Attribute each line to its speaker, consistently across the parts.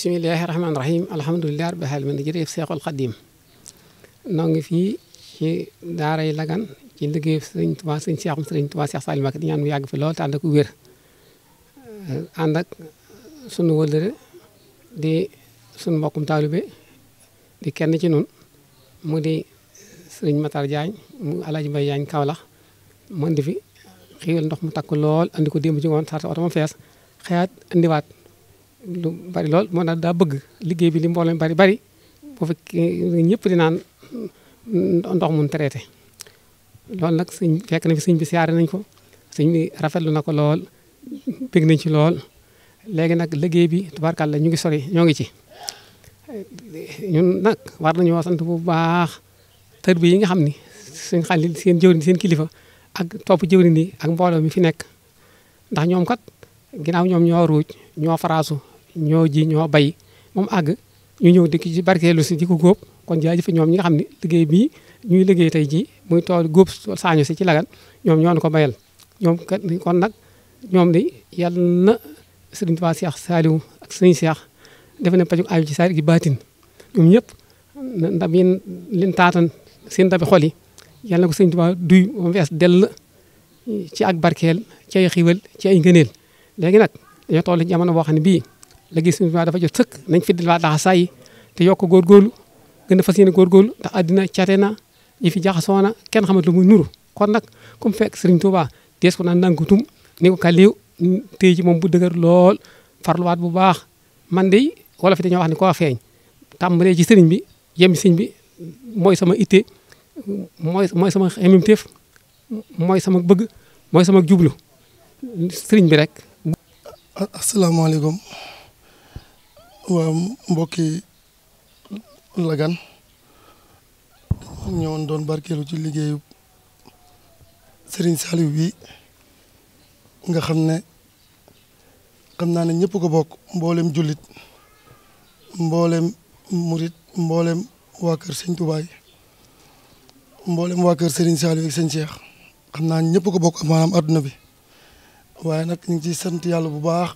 Speaker 1: bisimilahi rahmaani rahim alhamdulilah rabbil alamin jërëjëf Seexul Xadim noo ngi fii ci daaray Lagan ci liggéey sëriñ Tuubaa sëriñ Seexum sëriñ Tuubaa Seex Saaliu Mbàkke di ñaan mu yàgg fi lool te ànd ak wér ànd ak sunu wëllëre di sunu mbokkum taalibe di kenn ci nun mu di sëriñ Matar Jaañ mu Alaaji Mbay Jaañ Kawlax mu indi fi xiiwal ndox mu takk lool andi ko démb ci ngoon sarta oto ma fees xëyaat indiwaat bari lool moo tax daa bëgg liggéey bi li mbooloo bari bari bu fekkee ñëpp di naan ndox mun traité loolu nag sëñ fekk na fi sëñ bi siyaare nañ ko sëñ bi rafetlu na ko lool bëgg nañ ci lool léegi nag liggéey bi tubaarkàlla ñu ngi sori ñoo ngi ci ñun nag war nañoo sant bu baax tër bi yi nga xam ni suñ xal seen jëwriñ seen kilifa ak topp jëwriñ yi ak mbooloo mi fi nekk ndax ñoom kat ginnaaw ñoom ñoo ruuj ñoo faraasu ñoo ji ñoo bay moom àgg ñu ñëw dikk ci barkeelu si di ko góob kon jaajëf ñoom ñi nga xam ne liggéey bii ñuy liggéey tey jii muy tool góob saañu si ci lagan ñoom ñoo ko bayal ñoom kat kon nag ñoom di yàlla na sëriñ Tuubaa Seex Saaliw ak sëriñ Seex defe ne pajug ayu ci saari gi baatin ñoom ñëpp ndab yi leen taatan seen ndabi xol yi yàlla na ko sëriñ Tuubaa duy moom fees dell ci ak barkeel ci ay xiwal ci ay ngëneel léegi nag dañoo toll jamono boo xam ne bii léegi suñu dafa jot sëkk nañ fi dal daxa saa yi te yokk góorgóorlu gën a fas yéene góorgóorlu ndax àddina cate na yi fi jaxasoo na kenn xamat lu muy nuru kon nag comme fekk Sëriñ Tuubaa dees ko naan nangutum ni ko kàlliw tey ji moom bu dëgër lool farluwaat bu baax man de wala fi dañoo wax ne koo feeñ tàmbalee ci sëriñ bi yem sëriñ bi mooy sama itte mooy mooy sama xemimteef mooy sama bëgg mooy sama jublu
Speaker 2: sëriñ bi rek asalaamaaleykum waa mbokki Lagane ñëwoon doon barkeelu ci liggéeyu sëriñ Saliou bi nga xam ne xam naa ne ñëpp ko bokk mbooleem jullit mboolem murit mboolem waa kër Sëñ Tubaay mboolem waa kër Serigne Saliou Sëñ Cheikh xam naa ñëpp ko bokk maanaam àdduna bi waaye nag ñu ngi sant yàlla bu baax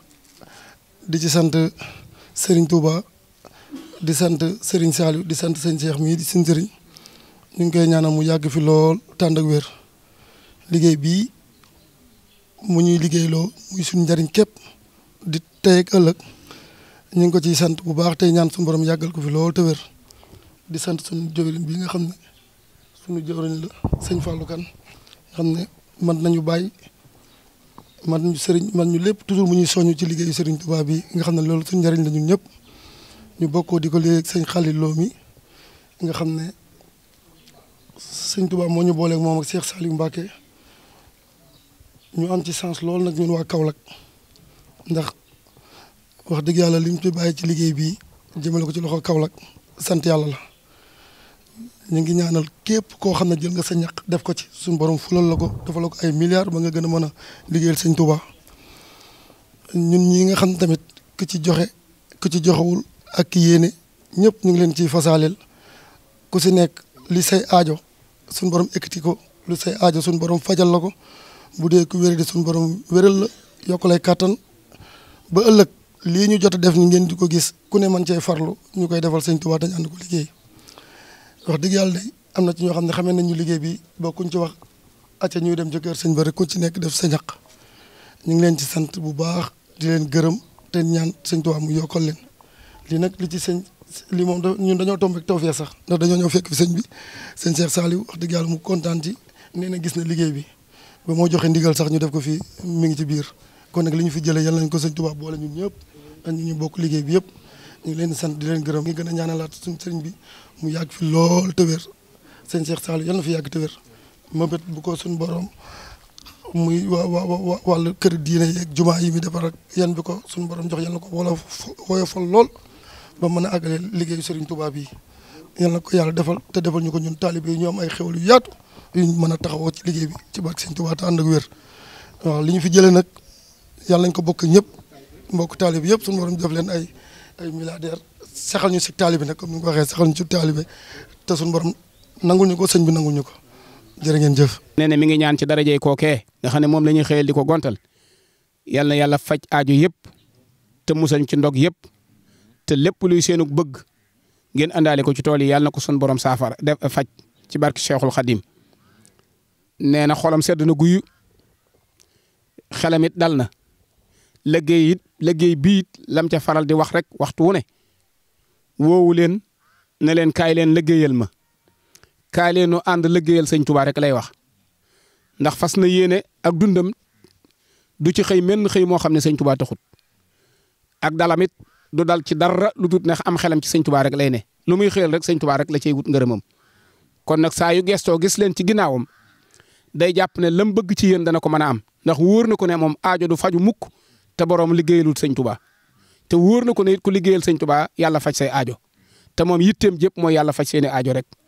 Speaker 2: di ci sant. sëriñ Touba di sant sëriñ Saliou di sant sëñ Cheikh mii di sëñ Serigne ñu ngi koy ñaanal mu yàgg fi lool tàndak ak liggéey bii mu ñuy liggéeyloo muy suñu njariñ képp di tey ak ëllëg ñu ngi ko ciy sant bu baax tey ñaan suñu borom yàggal ko fi lool te wér di sant suñ jëwriñ bi nga xam ne suñu jëwriñ la sëñ kan Kane xam ne mën nañu bàyyi. man ñu sëriñ man ñu lépp toujours mu ñuy soññ ci liggéey sëriñ Tuubaa bi nga xam ne lool su njëriñ la ñun ñëpp ñu bokkoo di ko liggéey ak sëñ Xalil Lo mi nga xam ne sëñ tubaab moo ñu booleeg moom ak Cheikh Saliou Mbacké ñu am ci sens loolu nag ñun waa Kaolack ndax wax dëgg yàlla li ñu ci bàyyi ci liggéey bi jëmale ko ci loxo Kaolack sant yàlla la ñu ngi ñaanal képp koo xam ne jël nga sa ñaq def ko ci suñu borom fulal la ko defal ko ay milliards ba nga gën a mën a liggéeyal sëñ Touba ñun ñi nga xam ne tamit ku ci joxe ku ci joxewul ak ki yéene ñëpp ñu ngi leen ciy fasaaleel ku si nekk li say aajo suñu borom ekkati ko lu say ajo suñu borom fajal la ko bu dee ku wéré di suñu borom wéral la yokk lay kàttan ba ëllëg lii ñu jot a def ni ngeen di ko gis ku ne man cee farlu ñu koy defal sëñ Touba dañ ànd ko wax dëgg yàlla am na ci ñoo xam ne xamee nañ ñu liggéey bi ba kuñ ci wax acca ñuy dem ci kër sëñ ba rek ci nekk def sa ñu ngi leen ci sant bu baax di leen gërëm te ñaan sëñ Tuubaa mu yokkal lii nag li ci sëñ lii moom ñun dañoo tombe ak tawfeex sax ndax dañoo ñëw fekk fi sëñ bi sëñ Cheikh Saliou wax dëgg mu kontaan ci nee na gis na liggéey bi ba moo joxe ndigal sax ñu def ko fii mi ngi ci biir kon nag li ñu fi jëlee yal nañ ko sëñ Tuubaa boole ñun ñëpp ak ñu bokk liggéey bi yëpp ñu ngi leen di sant di leen gërëm ngi gën a ñaanalaat suñu sëriñ bi mu yàgg fi lool te wér sëñ Cheikh Sall yal na fi yàgg te wér bët bu ko suñu boroom muy wa waa wàllu kër diine yeeg jumaa yi muy defar ak ko suñu borom jox yal na ko wala woyofal lool ba mën a àggale sëriñ Touba bi yal na ko yàlla defal te defal ñu ko ñun taalibe yi ñu ay xewal yu yaatu yu mën a taxawoo ci liggéey bi ci barke sëriñ Touba ak wér waaw li ñu fi jëlee nag yàlla nañ ko bokk ñëpp mbokk taalibe yëpp suñu borom def leen ay ay milliardaire saxal ñu si taalibe nag mu ni ko waxee saxal ñu si taalibe te suñu borom nangul ñu ko sëñ bi nangul ñu ko jërë ngeen jëf.
Speaker 3: nee na mi ngi ñaan ci darajey kookee nga xam ne moom la ñuy xëyal di ko gontal yal na yàlla faj aaju yëpp te musañ ci ndog yëpp te lépp luy seenug bëgg ngeen àndaale ko ci tool yi yàlla na ko suñu borom saafara def faj ci barke Cheikhul Khadim nee na xolam sedd na guyu xelam dal na liggéey liggéey biit lam ca faral di wax rek waxtu wu ne woowu leen ne leen kaay leen liggéeyal ma kaay leenu ànd liggéeyal sañ tubaa rek lay wax ndax fas na yéene ak dundam du ci xëy menn xëy moo xam ne sëñ Tuubaa taxut ak dalamit du dal ci dara lu dut neex am xelam ci sëñ Tuubaa rek lay ne lu muy xëyal rek sëñ Tuubaa rek la cay wut ngërëmam kon nag saa yu gestoo gis leen ci ginnaawam day jàpp ne lam bëgg ci yéen dana ko mën a am ndax wóor na ko ne moom aajo du faju mukk te borom liggéeyalul sëñ tubaa te wóor na ko ne it ku liggéeyal sëñ tubaa yàlla faj say ajo te moom yitteem jëpp mooy yàlla faj seeni ajo rek